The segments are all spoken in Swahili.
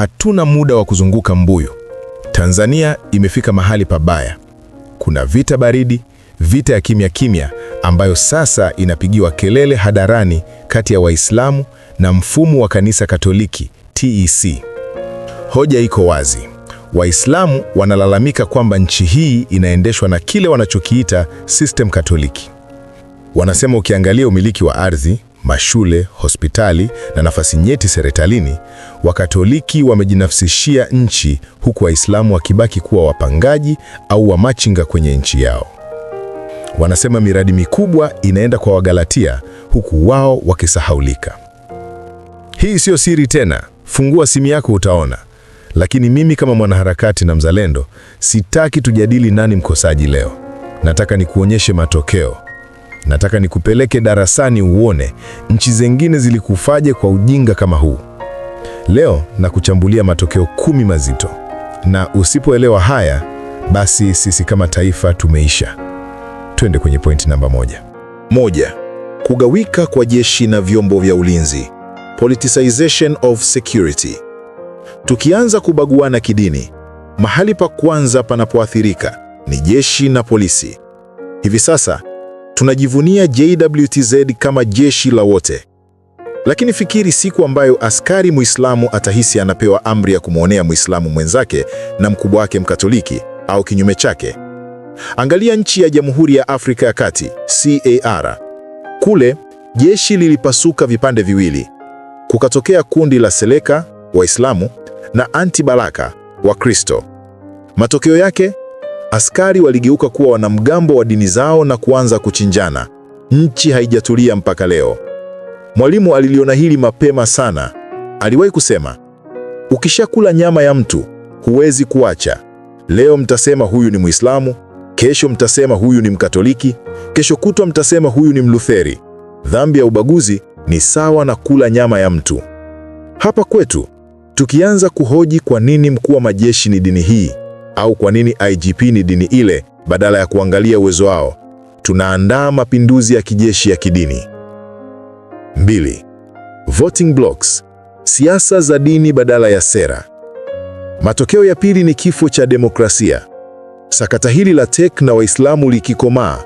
hatuna muda wa kuzunguka mbuyu. Tanzania imefika mahali pabaya. Kuna vita baridi, vita ya kimya kimya ambayo sasa inapigiwa kelele hadharani kati ya Waislamu na mfumo wa kanisa Katoliki TEC. Hoja iko wazi. Waislamu wanalalamika kwamba nchi hii inaendeshwa na kile wanachokiita system Katoliki. Wanasema ukiangalia umiliki wa ardhi, mashule, hospitali na nafasi nyeti serikalini, Wakatoliki wamejinafsishia nchi huku Waislamu wakibaki kuwa wapangaji au wamachinga kwenye nchi yao. Wanasema miradi mikubwa inaenda kwa Wagalatia huku wao wakisahaulika. Hii siyo siri tena, fungua simu yako utaona. Lakini mimi kama mwanaharakati na mzalendo, sitaki tujadili nani mkosaji leo. Nataka nikuonyeshe matokeo. Nataka nikupeleke darasani uone nchi zengine zilikufaje kwa ujinga kama huu. Leo nakuchambulia matokeo kumi mazito, na usipoelewa haya, basi sisi kama taifa tumeisha. Twende kwenye pointi namba moja. Moja, kugawika kwa jeshi na vyombo vya ulinzi, politicization of security. Tukianza kubaguana kidini, mahali pa kwanza panapoathirika ni jeshi na polisi. Hivi sasa Tunajivunia JWTZ kama jeshi la wote, lakini fikiri siku ambayo askari Muislamu atahisi anapewa amri ya kumwonea Muislamu mwenzake na mkubwa wake Mkatoliki au kinyume chake. Angalia nchi ya Jamhuri ya Afrika ya Kati, CAR. Kule jeshi lilipasuka vipande viwili, kukatokea kundi la Seleka Waislamu na Anti Balaka Wakristo. Matokeo yake Askari waligeuka kuwa wanamgambo wa dini zao na kuanza kuchinjana. Nchi haijatulia mpaka leo. Mwalimu aliliona hili mapema sana. Aliwahi kusema, ukishakula nyama ya mtu huwezi kuacha. Leo mtasema huyu ni Muislamu, kesho mtasema huyu ni Mkatoliki, kesho kutwa mtasema huyu ni Mlutheri. Dhambi ya ubaguzi ni sawa na kula nyama ya mtu. Hapa kwetu tukianza kuhoji kwa nini mkuu wa majeshi ni dini hii au kwa nini IGP ni dini ile badala ya kuangalia uwezo wao. Tunaandaa mapinduzi ya kijeshi ya kidini. Mbili, voting blocks, siasa za dini badala ya sera. Matokeo ya pili ni kifo cha demokrasia. Sakata hili la TEC na Waislamu likikomaa,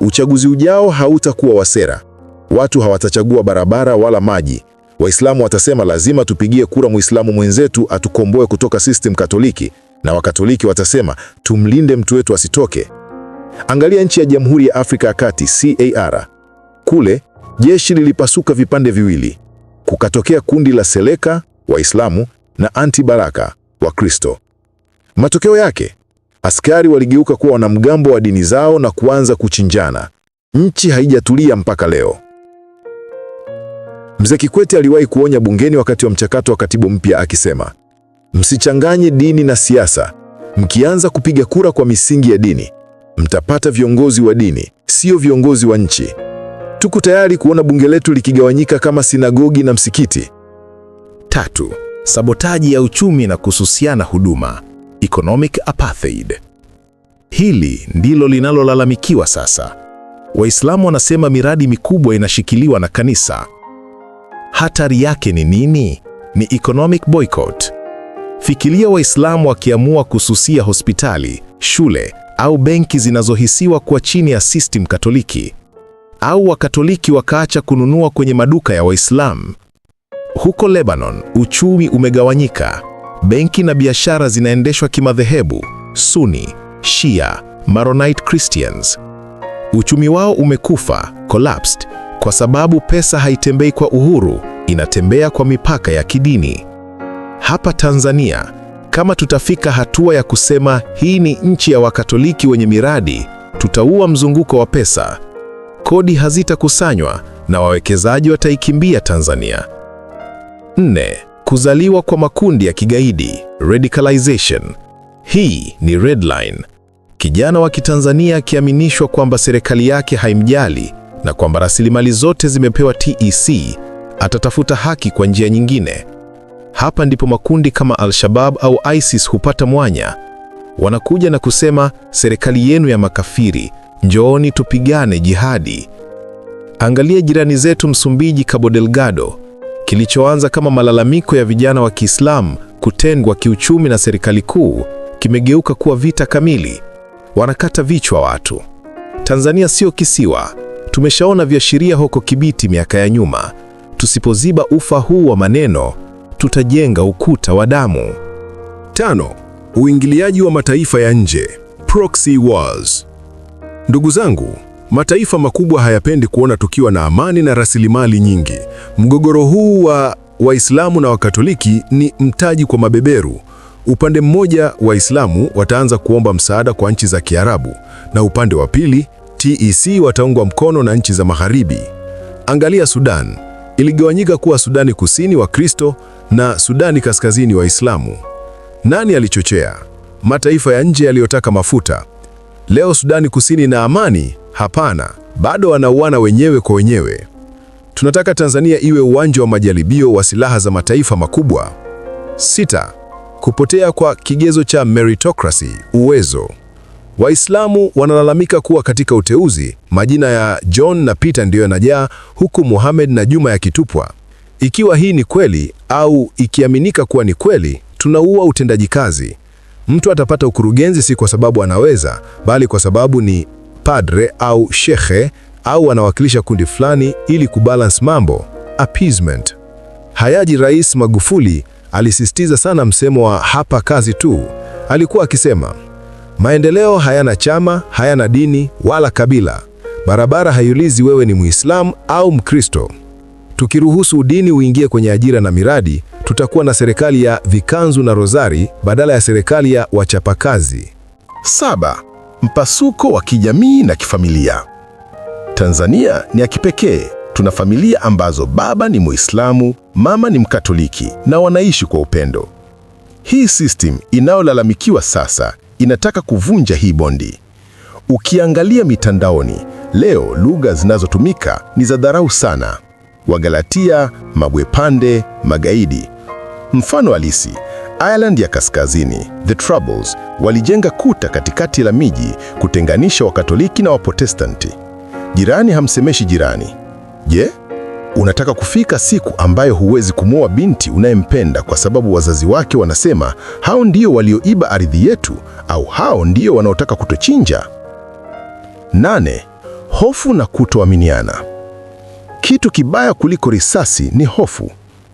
uchaguzi ujao hautakuwa wa sera. Watu hawatachagua barabara wala maji. Waislamu watasema lazima tupigie kura Muislamu mwenzetu atukomboe kutoka system Katoliki, na Wakatoliki watasema tumlinde mtu wetu asitoke. Angalia nchi ya Jamhuri ya Afrika ya Kati, CAR. Kule jeshi lilipasuka vipande viwili, kukatokea kundi la Seleka Waislamu na Anti Baraka Wakristo. Matokeo yake askari waligeuka kuwa wanamgambo wa dini zao na kuanza kuchinjana. Nchi haijatulia mpaka leo. Mzee Kikwete aliwahi kuonya bungeni wakati wa mchakato wa katibu mpya akisema Msichanganye dini na siasa. Mkianza kupiga kura kwa misingi ya dini, mtapata viongozi wa dini, sio viongozi wa nchi. Tuko tayari kuona bunge letu likigawanyika kama sinagogi na msikiti. Tatu, sabotaji ya uchumi na kususiana huduma, economic apartheid. Hili ndilo linalolalamikiwa sasa. Waislamu wanasema miradi mikubwa inashikiliwa na kanisa. Hatari yake ni nini? Ni economic boycott. Fikiria Waislamu wakiamua kususia hospitali, shule au benki zinazohisiwa kuwa chini ya system Katoliki, au Wakatoliki wakaacha kununua kwenye maduka ya Waislamu. Huko Lebanon, uchumi umegawanyika. Benki na biashara zinaendeshwa kimadhehebu, Sunni, Shia, Maronite Christians. Uchumi wao umekufa, collapsed, kwa sababu pesa haitembei kwa uhuru, inatembea kwa mipaka ya kidini hapa Tanzania, kama tutafika hatua ya kusema hii ni nchi ya Wakatoliki wenye miradi, tutaua mzunguko wa pesa, kodi hazitakusanywa na wawekezaji wataikimbia Tanzania. Nne, kuzaliwa kwa makundi ya kigaidi radicalization. Hii ni red line. Kijana wa Kitanzania akiaminishwa kwamba serikali yake haimjali na kwamba rasilimali zote zimepewa TEC, atatafuta haki kwa njia nyingine. Hapa ndipo makundi kama Al-Shabab au ISIS hupata mwanya. Wanakuja na kusema, serikali yenu ya makafiri, njooni tupigane jihadi. Angalia jirani zetu Msumbiji, Cabo Delgado, kilichoanza kama malalamiko ya vijana wa Kiislamu kutengwa kiuchumi na serikali kuu, kimegeuka kuwa vita kamili. Wanakata vichwa watu. Tanzania sio kisiwa. Tumeshaona viashiria huko Kibiti miaka ya nyuma. Tusipoziba ufa huu wa maneno, tutajenga ukuta wa damu. Tano, uingiliaji wa mataifa ya nje, proxy wars. Ndugu zangu, mataifa makubwa hayapendi kuona tukiwa na amani na rasilimali nyingi. Mgogoro huu wa Waislamu na Wakatoliki ni mtaji kwa mabeberu. Upande mmoja, Waislamu wataanza kuomba msaada kwa nchi za Kiarabu na upande wa pili, TEC wataungwa mkono na nchi za Magharibi. Angalia Sudan, iligawanyika kuwa Sudani Kusini Wakristo na Sudani Kaskazini Waislamu. Nani alichochea? Mataifa ya nje yaliyotaka mafuta. Leo Sudani Kusini na amani? Hapana, bado wanauana wenyewe kwa wenyewe. Tunataka Tanzania iwe uwanja wa majaribio wa silaha za mataifa makubwa. Sita, kupotea kwa kigezo cha meritocracy, uwezo. Waislamu wanalalamika kuwa katika uteuzi majina ya John na Peter ndiyo yanajaa, huku Muhammad na Juma yakitupwa. Ikiwa hii ni kweli au ikiaminika kuwa ni kweli, tunaua utendaji kazi. Mtu atapata ukurugenzi si kwa sababu anaweza, bali kwa sababu ni padre au shekhe au anawakilisha kundi fulani ili kubalance mambo, appeasement. Hayaji Rais Magufuli alisisitiza sana msemo wa hapa kazi tu. Alikuwa akisema maendeleo hayana chama, hayana dini wala kabila. Barabara haiulizi wewe ni Muislamu au Mkristo. Tukiruhusu udini uingie kwenye ajira na miradi, tutakuwa na serikali ya vikanzu na rozari badala ya serikali ya wachapakazi. Saba, mpasuko wa kijamii na kifamilia. Tanzania ni ya kipekee. Tuna familia ambazo baba ni Muislamu, mama ni Mkatoliki na wanaishi kwa upendo. Hii system inayolalamikiwa sasa inataka kuvunja hii bondi. Ukiangalia mitandaoni leo, lugha zinazotumika ni za dharau sana. Wagalatia, mabwepande, magaidi. Mfano halisi: Ireland ya Kaskazini, the Troubles, walijenga kuta katikati la miji kutenganisha Wakatoliki na Waprotestanti. Jirani hamsemeshi jirani. Je, unataka kufika siku ambayo huwezi kumwoa binti unayempenda kwa sababu wazazi wake wanasema hao ndio walioiba ardhi yetu au hao ndio wanaotaka kutochinja? Nane, hofu na kutoaminiana. Kitu kibaya kuliko risasi ni hofu.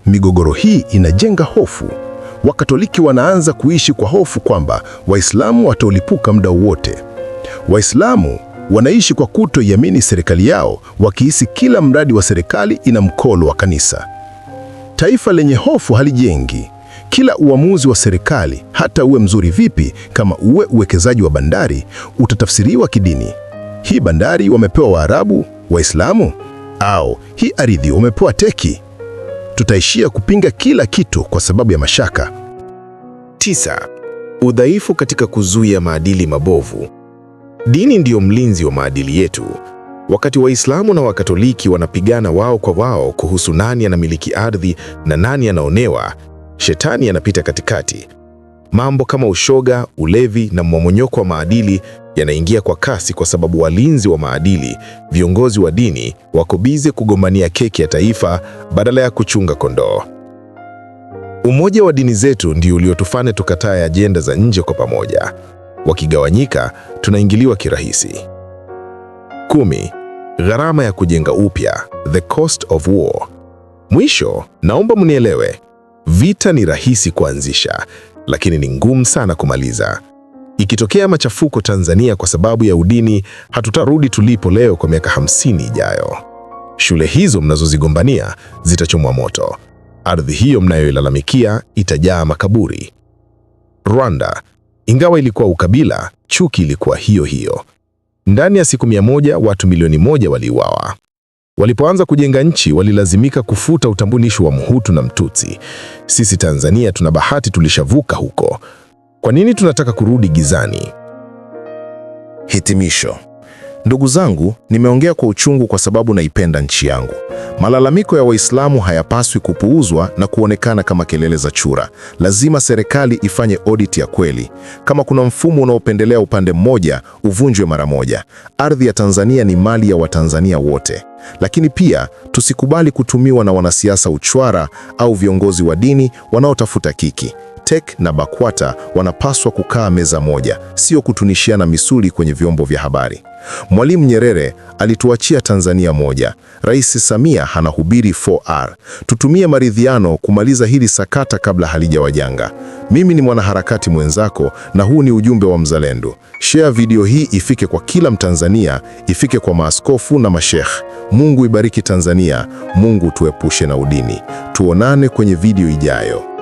Migogoro hii inajenga hofu. Wakatoliki wanaanza kuishi kwa hofu kwamba Waislamu wataulipuka muda wote. Waislamu wanaishi kwa kutoiamini serikali yao, wakihisi kila mradi wa serikali ina mkolo wa kanisa. Taifa lenye hofu halijengi. Kila uamuzi wa serikali, hata uwe mzuri vipi, kama uwe uwekezaji wa bandari, utatafsiriwa kidini. Hii bandari wamepewa Waarabu, Waislamu? au hii ardhi umepewa teki. Tutaishia kupinga kila kitu kwa sababu ya mashaka. Tisa, udhaifu katika kuzuia maadili mabovu. Dini ndiyo mlinzi wa maadili yetu. Wakati Waislamu na Wakatoliki wanapigana wao kwa wao kuhusu nani anamiliki ardhi na nani anaonewa, shetani anapita katikati. Mambo kama ushoga, ulevi na mmomonyoko wa maadili yanaingia kwa kasi kwa sababu walinzi wa maadili, viongozi wa dini wako bize kugombania keki ya taifa badala ya kuchunga kondoo. Umoja wa dini zetu ndio uliotufanya tukataa ajenda za nje kwa pamoja. Wakigawanyika, tunaingiliwa kirahisi. Kumi, gharama ya kujenga upya, the cost of war. Mwisho, naomba mnielewe, vita ni rahisi kuanzisha, lakini ni ngumu sana kumaliza. Ikitokea machafuko Tanzania kwa sababu ya udini, hatutarudi tulipo leo kwa miaka hamsini ijayo. Shule hizo mnazozigombania zitachomwa moto, ardhi hiyo mnayoilalamikia itajaa makaburi. Rwanda, ingawa ilikuwa ukabila, chuki ilikuwa hiyo hiyo. Ndani ya siku mia moja watu milioni moja waliuawa. Walipoanza kujenga nchi, walilazimika kufuta utambulisho wa Mhutu na Mtutsi. Sisi Tanzania tuna bahati, tulishavuka huko. Kwa nini tunataka kurudi gizani? Hitimisho. Ndugu zangu, nimeongea kwa uchungu kwa sababu naipenda nchi yangu. Malalamiko ya Waislamu hayapaswi kupuuzwa na kuonekana kama kelele za chura. Lazima serikali ifanye audit ya kweli. Kama kuna mfumo unaopendelea upande mmoja, uvunjwe mara moja. Ardhi ya Tanzania ni mali ya Watanzania wote. Lakini pia tusikubali kutumiwa na wanasiasa uchwara au viongozi wa dini wanaotafuta kiki. TEC na BAKWATA wanapaswa kukaa meza moja, sio kutunishiana misuli kwenye vyombo vya habari. Mwalimu Nyerere alituachia Tanzania moja. Rais Samia hanahubiri 4R. Tutumie maridhiano kumaliza hili sakata kabla halijawajanga. Mimi ni mwanaharakati mwenzako na huu ni ujumbe wa Mzalendo. Share video hii ifike kwa kila Mtanzania, ifike kwa maaskofu na mashekh. Mungu ibariki Tanzania, Mungu tuepushe na udini. Tuonane kwenye video ijayo.